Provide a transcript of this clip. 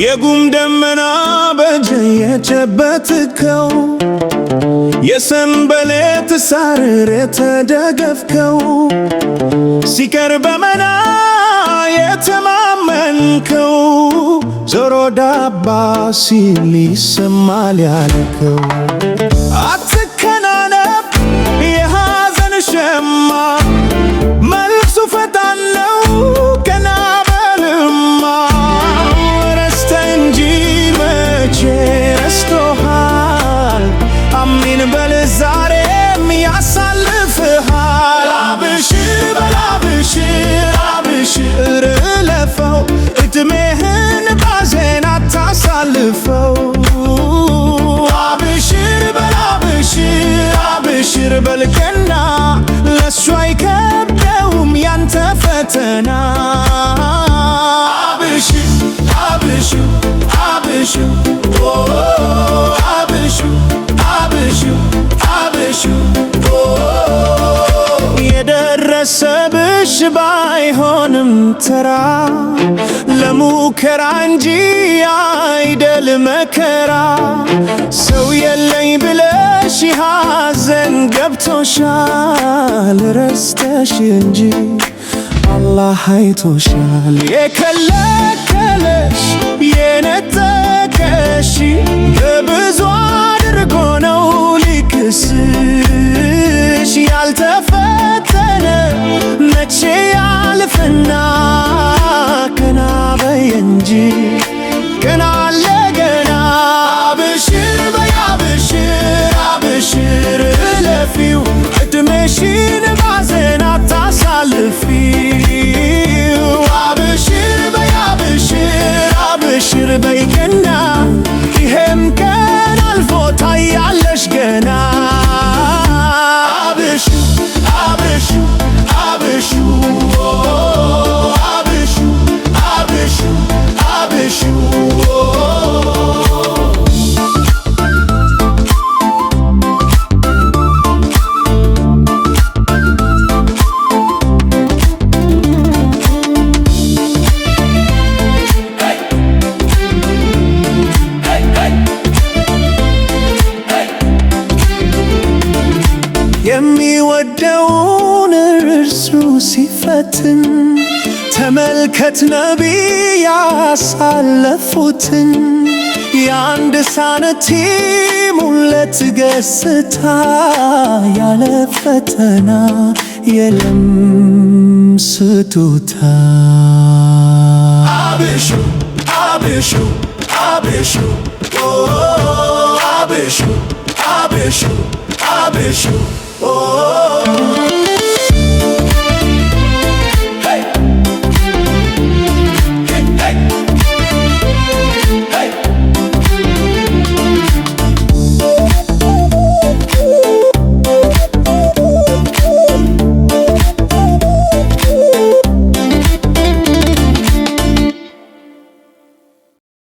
የጉም ደመና የጨበትከው የሰንበሌት ሳርር የተደገፍከው ሲቀር በመና የተማመንከው ዞሮ ዳባ ሲል ይሰማል ያልከው እንበል ዛሬም ያሳልፍሃል አብሽር በል አብሽር አብሽር እለፈው እድሜህን ባዜና ታሳልፈው አብሽር በል አብሽር አብሽር በልቀና ለእሱ አይከብደውም ያንተ ፈተና አብሽር አብሽር አብሽር አብሹ አብሹ አብሹ የደረሰብሽ ባይሆንም ተራ ለሙከራ እንጂ አይደል መከራ ሰው የለኝ ብለሽ ሐዘን ገብቶሻል ረስተሽ እንጂ አላህ አይቶሻል የከለከለሽ ተፈተነ መቼ ያልፍና ቀና በይ እንጂ ቀና አለ ገና። አብሽር በይ አብሽር አብሽር እለፊው ዕድሜሽን ባዘን አታሳልፊው። አብሽር በይ አብሽር አብሽር በይ ቀና ይሄም ቀን አልፎ ታያለሽ ኢየሱስ ሲፈትን ተመልከት ነቢይ ያሳለፉትን የአንድ ሙለት ገስታ ያለ ፈተና የለም ስጦታ አብሹ አብሹ አብሹ አብሹ አብሹ አብሹ